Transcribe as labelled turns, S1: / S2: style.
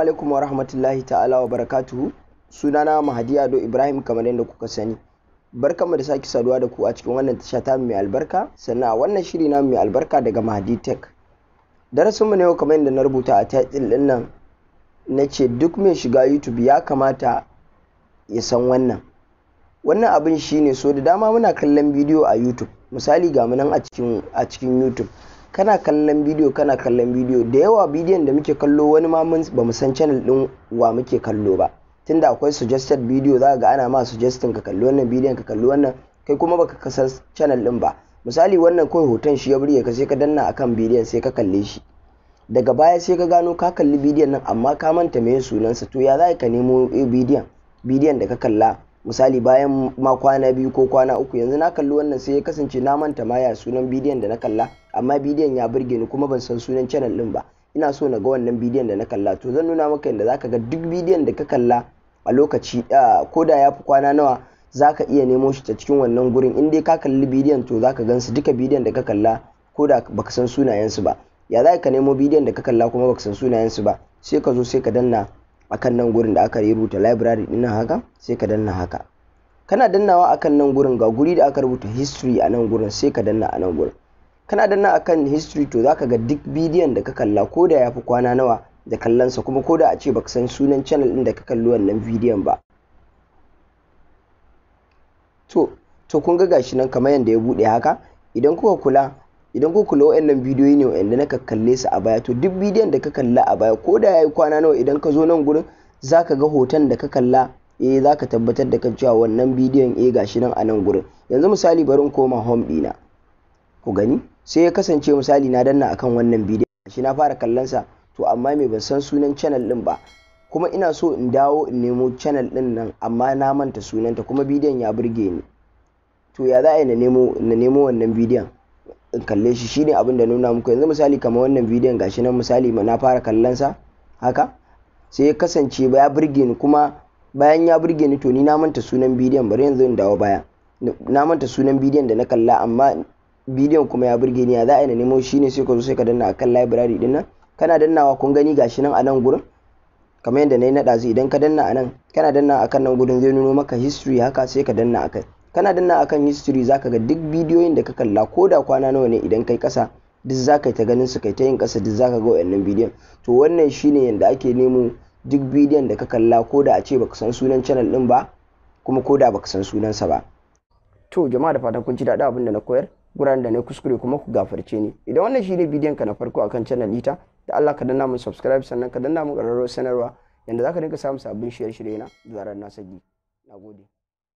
S1: alaikum wa rahmatullahi ta'ala wa barakatuhu sunana mahadi ado ibrahim kamar yadda kuka sani barkamu da sake saduwa da ku a cikin wannan tasha ta mai albarka sannan a wannan shiri na mai albarka daga mahadi tech darasin mu na yau kamar yadda na rubuta a title din nan na ce duk mai shiga youtube ya kamata ya san wannan wannan abin shine so da dama muna kallon bidiyo a youtube misali ga mu nan a cikin a cikin youtube kana kallon bidiyo kana kallon bidiyo da yawa bidiyon da muke kallo wani ma mun ba san channel din wa muke kallo ba tunda akwai suggested bidiyo za ga ana ma suggesting ka kalli wannan bidiyon ka kalli wannan kai kuma baka kasa channel din ba misali wannan kawai hoton shi ya burge ka sai ka danna akan bidiyon sai ka kalle shi daga baya sai ka gano ka kalli bidiyon nan amma ka manta me sunansa to ya za ka nemo eh, bidiyon bidiyon da ka kalla misali bayan ma kwana biyu ko kwana uku yanzu na kalli wannan sai ya kasance na manta ma ya sunan bidiyon da na kalla amma bidiyon ya burge ni kuma ban san sunan channel din ba ina so na ga wannan bidiyon da na kalla to zan nuna maka yadda zaka ga duk bidiyon da ka kalla a lokaci ko da ya fi kwana nawa zaka iya nemo shi ta cikin wannan gurin in dai ka kalli bidiyon to zaka su duka bidiyon da ka kalla ko da baka san su ba ya za ka nemo bidiyon da ka kalla kuma baka san su ba sai ka zo sai ka danna akan nan gurin da aka rubuta library dinnan haka sai ka danna haka kana dannawa akan nan gurin ga guri da aka rubuta history a nan gurin sai ka danna a nan gurin kana nan akan history to zaka ga duk bidiyon da ka kalla ko da ya fi kwana nawa da kallonsa kuma ko da a ce baka san sunan channel ɗin da ka kalli wannan bidiyon ba to to kun ga gashi nan kamar yadda ya buɗe haka idan kuka kula idan kuka kula wa'annan bidiyoyi ne wa'anda na kalle su a baya to duk bidiyon da ka kalla a baya ko da yayi kwana nawa idan ka zo nan gurin zaka ga hoton da ka kalla eh zaka tabbatar da kan cewa wannan bidiyon eh gashi nan a nan gurin yanzu misali bari in koma home dina ku gani sai ya kasance misali na danna akan wannan bidiyon shi na fara kallon sa to amma me ban san sunan channel din ba kuma ina so in dawo in nemo channel din nan amma na manta sunanta kuma bidiyon ya burge ni to ya za a yi na nemo na nemo wannan bidiyon in kalle shi shine abin da nuna muku yanzu misali kamar wannan bidiyon gashi nan misali ma na fara kallon sa haka sai ya kasance ba ya burge ni kuma bayan ya burge ni to ni na manta sunan bidiyon bari yanzu in dawo baya na manta sunan bidiyon da na kalla amma bidiyon kuma ya burge ni ya za a yi na nemo shi sai ka zo sai ka danna akan library din nan kana dannawa kun gani gashi nan a nan gurin kamar yadda na yi naɗa zai idan ka danna a nan kana danna akan nan gurin zai nuno maka history haka sai ka danna akai kana danna akan history za ka ga duk bidiyoyin da ka kalla ko da kwana nawa ne idan kai kasa duk yi ta ganin su kai ta yin kasa duk ka ga wayannan bidiyon to wannan shine yadda ake nemo duk bidiyon da ka kalla ko da a ce baka san sunan channel din ba kuma ko da baka san sunansa ba to jama'a da fatan kun ji daɗin abin da na koyar guran da na kuskure kuma ku gafarce ni idan wannan shine bidiyon ka na farko akan channel ita da Allah ka danna mun subscribe sannan ka danna mun ƙararrawar sanarwa yanda zaka dinga samun sabbin shirye-shirye na da zarar na saki nagode